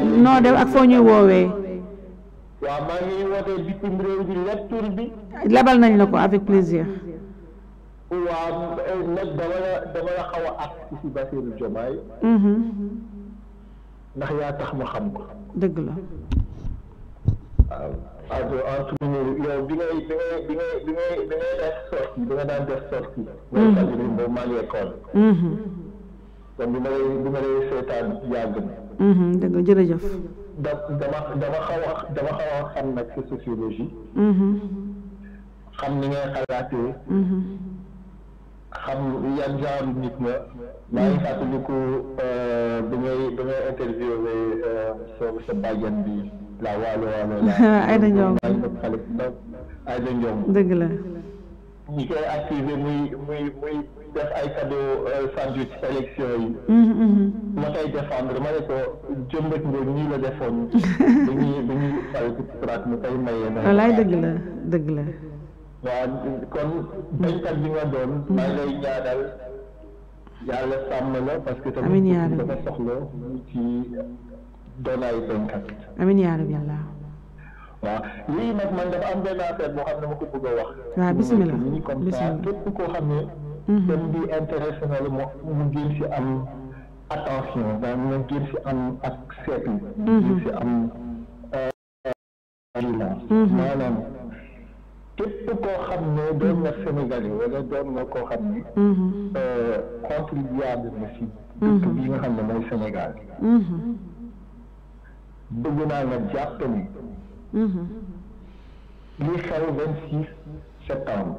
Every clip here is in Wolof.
noo def ak foo ñuy woowee. waaw maa ngi wootee bitim réew bi lépp tur bi. lebal nañ la ko avec plaisir. waaw eh, nag dama la dama la xaw a ak ci Bassirou Diomaye. Mhm. ndax yaa tax ma xam ko. dëgg la. bi ngay bi ngay bi ngay bi ngay bi ngay def sorti bi nga daan def sorti. Mhm. mooy maa ngi école. Mhm. kon ma lay bi ma lay seetaan yàgg na. Mm-hmm, dëgg jërëjëf. da dama dama xaw a a xam nag sa sociologie. Mm-hmm. xam ni ngay xalaatee. Mm-hmm. xam yan genre nit nga. maa ngi fàttaliku euh, bi ngay bi ngay interviewé euh, sa sa bàjjan bi la waalo waalo la. Aïda Ndiong dëgg la. ñi koy activé muy muy muy. def ay cadeau euh, sandwich élection yi. Mm-hmm, mm-hmm. ma koy défendre ma ne ko jëmbat nga ñii la defoon. dañuy dañuy fal ci straat mu koy maye. walaay dëgg la dëgg la. waaw kon béykat bi nga doon. Mm-hmm. maa ngi lay ñaanal yàlla sàmm la parce que. amiin yaa rabi tamit dafa doon ay béykat. amiin yaa rabi yàlla. waaw lii nag man dafa am benn affaire boo xam ne ma ko bëgg a wax. waaw bisimilah bisimilah képp koo xam ne. thème mm-hmm. bi intéressé na la moo mu gën si am attention daa mu gën si am ak seetlu mm-hmm. gën si am euh, mm-hmm. maanaam képp koo xam ne doon na Sénégalais wala doon na koo xam ne euh, contribuable na si dëkk bi nga xam ne mooy Sénégal bëgg naa nga jàpp li xew vingt six septembre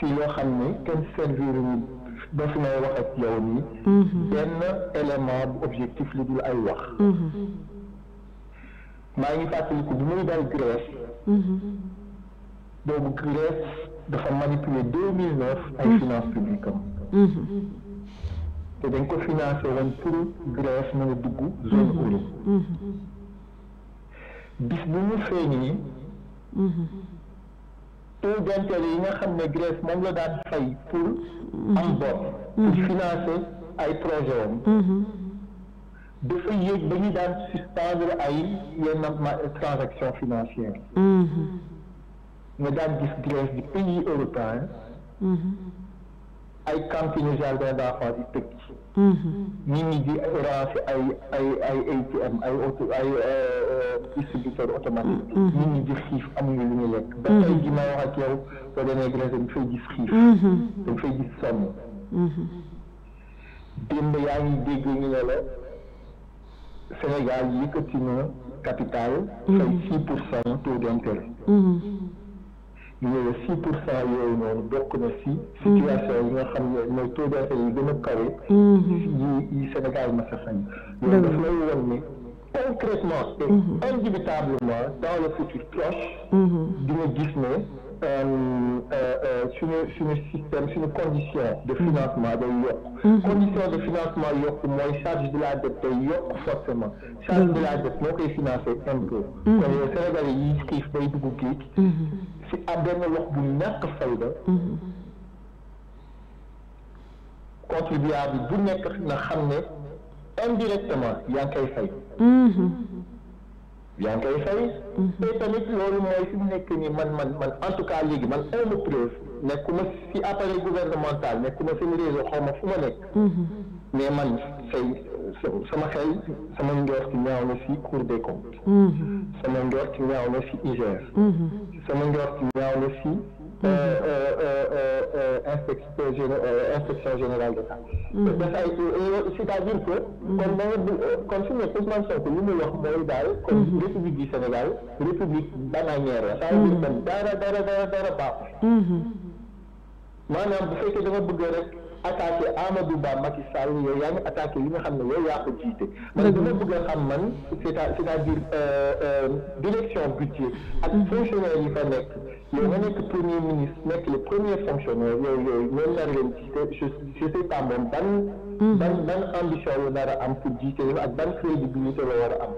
si yoo xam ni kenn servir ñu ba fi may wax ak yow nii benn élément bu objectif li dul ay wax maa ngi fàttaliku bi muy dal Grèce boobu Grèce dafa manipuler deux mille neuf ay finances publiques am te dañ ko financé woon pour Grèce mën a dugg zone euro bis bu mu feeñee taux d'intérêt yi nga xam ne Grèce moom la daan fay pour mhm. am bor pour mhm. financer ay projet am mhm. dafa ba ñu daan suspendre ay yenn transaction financière nga daan gis di pays européen ay camping jardin d'enfants yi tëj nit ñi di orange ay ay ay ATM ay auto ay distributeur automatique nit ñi di xiif amuñu lu ñu lekk ba tey ji may wax ak yow soo demee Grèce dañ fay gis xiif dañ fay gis sonn démb yaa ngi dégg ñu ne la Sénégal yëkkati na capital fay six pour cent taux yooyu six pour cent yooyu noonu bokk na si situation yi nga xam ne mooy taux d'intérêt yi gën a kawe mhm. yi yi Sénégal ma sa sañ loolu daf lay won ni concrètement et mhm. indubitablement dans le futur proche mhm. di nga gis ne Euh, euh, euh, sur une système une mm-hmm. mm-hmm. condition de financement de condition de financement charge de la dette de forcément charge de la mm-hmm. dette financé c'est si de l'autre bu fayda contribuable indirectement a yaa ngi koy fay. Mhm. te tamit loolu mooy fi mu nekk nii man man man en tout cas léegi man amu preuve nekkuma si appareil gouvernemental nekkuma seen réseau xaw ma fu ma nekk. Mhm. mais man say sama xel sama njort ñaaw na si cour des comptes. Mhm. sama njort ñaaw na si IGR. sama njort ñaaw na si. inspection générale d'État dafa ay cest a dire que kon Sonko li muy mooy daal kon république du Sénégal république bananière la c'est-à-dire dara dara dara dara baaxul maanaam bu fekkee dama bëgg rek attaqué Amadou Ba Macky Sall yow yaa ngi attaqué li nga xam ne yow yaa ko jiite. man dama bëgg a xam man c'est à c'est à dire euh, euh, direction budget ak mm-hmm. fonctionnaire yi fa nekk. yow nga nekk premier ministre nekk le premier fonctionnaire yow yooyu ñoom nar leen jiite je je sais pas moom ban. Mm-hmm. ban ban ambition la nar a am pour jiite yow ak ban crédibilité la war a am.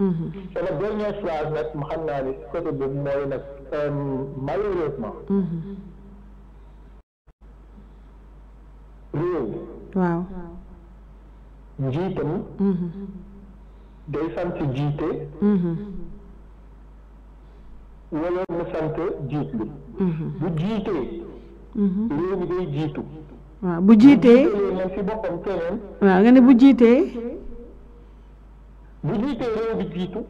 Mm-hmm. sama dernière phrase nag ma xam naa ne côté boobu mooy nag euh, malheureusement. réew. waaw. njiitam. Mm-hmm. day sant jiite. Mm-hmm. wala mu sant jiit li. Mm-hmm. bu jiitee. réew waaw bu jiitee waaw nga bu jiitee. bu jiitee réew bi jiitu.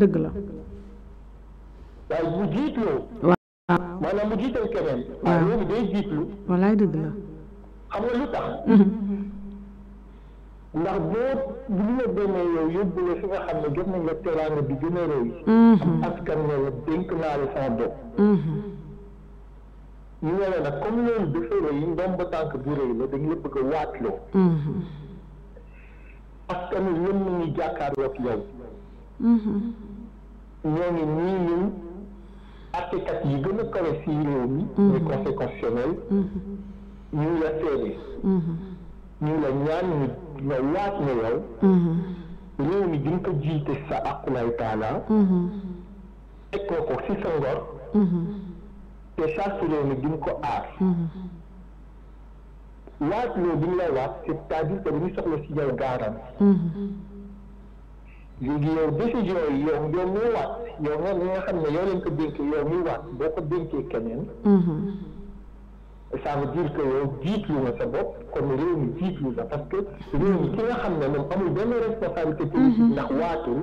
dëgg la. waaye xam nga lu tax. Mm-hmm. ndax boo bu ñu la demee yow yóbbu la nga xam ne jot nañ la teraanga bi gën mm-hmm. askan ne la dénk naa la sama bopp. Mm-hmm. ñu ne la nag comme loolu dafa rëy ndomba tànk bu rëy la dañ la bëgg a waatloo. askan wi yéen ñu ngi jàkkaarloo ak yow. ñoo ngi nii ñun àttekat yi gën a kawe si réew mi. muy conseil constitutionnel. ñu la seede ñu ngi la ñaan nga waat ne yow réew mi di nga ko jiite sa aqulay taala teg ko ko ci sa ngor te saa su réew mi di nga ko aar waat loo bi ñu lay waat c'est-à-dire que dañuy soxla ci yow gaaram léegi yow décision yi yow yow muy waat yow nga nga xam ne yow lañ ko dénkee yow muy waat boo ko dénkee keneen ça veut dire que yow jiitlu nga sa bopp kon réew mi jiitlu la parce que réew mi ki nga xam ne moom amul benn responsabilité politique ndax waatul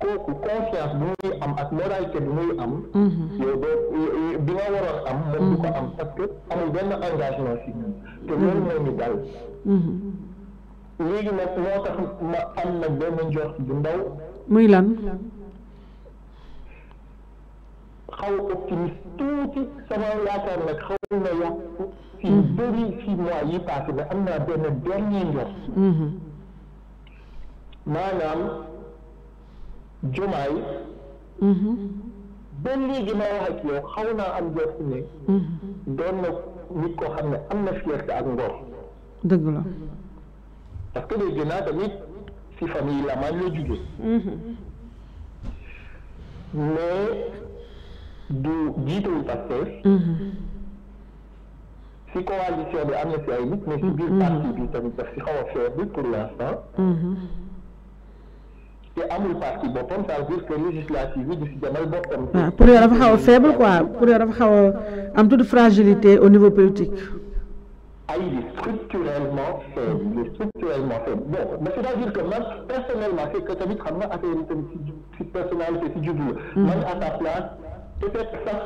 kooku confiance bi muy am ak moralité bi muy am yow doo bi nga waroon am moom du ko am parce que amul benn engagement si te loolu moo ñu dal léegi nag moo tax ma am nag benn njort bu ndaw muy lan xaw optimiste tuuti sama yaakaar nag xaw na yàqu si mm-hmm. bëri si mois yi passé mais am naa benn dernier njort mm-hmm. maanaam Diomaye mm-hmm. ma wax ak yow xaw naa am njort doon na nit koo xam ne am na fierté ak ngor dëgg la parce naa tamit si famille la maan la du jiitewul Pastef mm-hmm. si coalition bi am na si ay nit mais c'est biir mm-hmm. parti bi tamit daf si xaw a faible pour l' instant mm-hmm. te amul parti boppam ça veut dire que législative bi du si demal ah, pour yow dafa xaw a faible quoi pour yow dafa xaw a am toute fragilité au niveau politique ah il est structurellement faible il est structurellement faible bon mais c'est-à-dire que man personnellement c'est que tamit xam nga affaire yi tamit si si personnalité si jublu même à sa place peut-être sax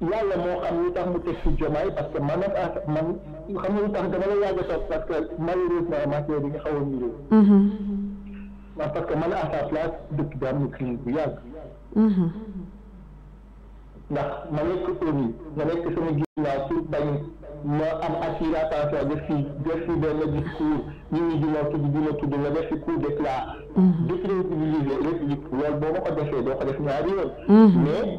yàlla moo xam li tax mu teg fi jomaay parce que man ak man xam nga lu tax dama la yàgg a sot parce que malheureusement matière bi nga xaw a niroo. waaw parce que man à sa place dëkk bi am na crise bu yàgg. ndax ma nekk ONU ma nekk sama ginnaaw pour bañ ma am assuré attention def fi def fi benn discours nit ñi di la tudd di la tudd nga def fi coup d'éclat. décrédibiliser république loolu boo ma ko defee doo ko def ñaari yoon. mais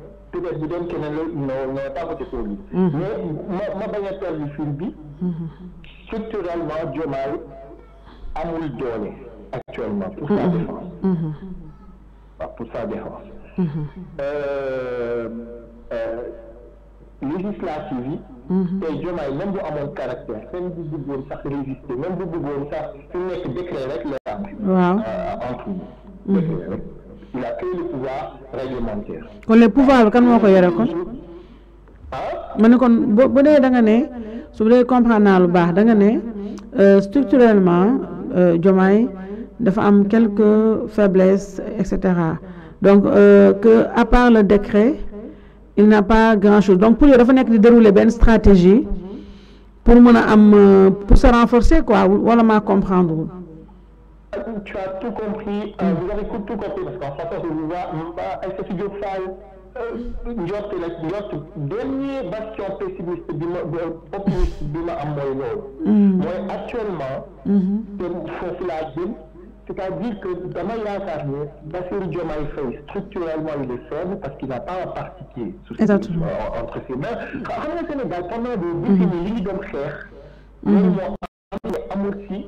peut-être que vous n'avez no, pas voté pour lui. Mm-hmm. Mais moi, je vais faire film. Mm -hmm. Structurellement, Dieu m'a amour donné actuellement pour sa mm-hmm. défense. Mm-hmm. pour sa défense. Mm -hmm. euh, euh, législative, mm -hmm. et Dieu m'a même à mon caractère, même si vous voulez ça résister, même si vous voulez ça, c'est un décret avec les armes. Wow. Euh, il a que le pouvoir réglementaire. Quand le pouvoir réglementaire, kan moo ko kon. vous hein? ne kon bu comprendre lu euh, structurellement euh, il y am quelques faiblesses etc. donc euh, que à part le décret il n'y a pas grand chose donc pour le faire il di dérouler une stratégie pour am pour se renforcer quoi comprendre tu as tout compris, euh, hmm. vous avez tout compris, parce qu'en français, je vous vois, est-ce que c'est Diofal Diop, dernier bastion pessimiste, optimiste, bima à moi, Moi, actuellement, hmm. c'est la ville, c'est-à-dire que dans ma carrière, Bassir Diomaye fait structurellement, il est faible parce qu'il n'a pas un parti qui est euh, entre ses mains. Quand on est au Sénégal, pendant des hmm. décennies, il y a des amortis.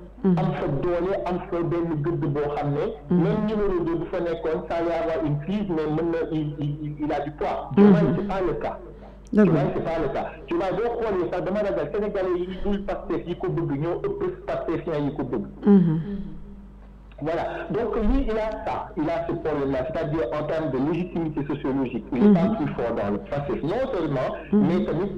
am fa doole am fa benn gëdd boo xam ne. Mhm. même numéro de bu fa nekkoon ça y avoir une crise mais mën na il il a du poids. ce mhm. c'est pas le cas. ce n'est pas le cas tu Diomaye boo xoolee sax dama ragal sénégalais yi dul Pastef yi ko bëgg ñoo ëpp pastefiens yi ko bëgg. Mhm. voilà donc lui il a ça il a ce problème là c'est-à-dire en termes de légitimité sociologique. il est pas plus fort dans le Pastef non seulement mais tamit.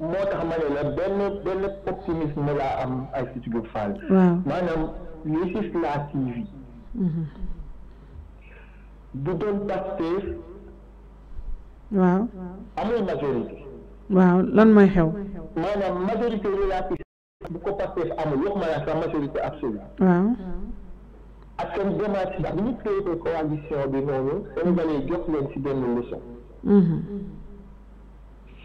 moo tax ma ne la benn benn optimisme laa am ay si Diop Fall. maanaam législative yi. Mhm. du doon Pastef. waaw. amul majorité. waaw lan moy xew. manam majorité la ci bu ko Pastef amul wax ma la sax majorité absolue. waaw. ak seen démarche ndax bi ñu créé coalition bi nonu Sénégalais jox leen si benn leçon. Mhm.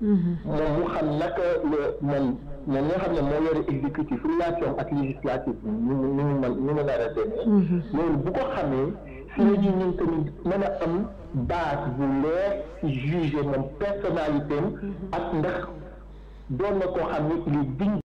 moom mu xam naka la man man nga xam ne moo yore exécutif relation ak législative bi ñu ñu ñu mën ñu mën a demee. loolu bu ko xamee si la ñu ñun tamit mën a am base bu leer si juger moom personnalité am ak ndax doon na koo xam ne il est digne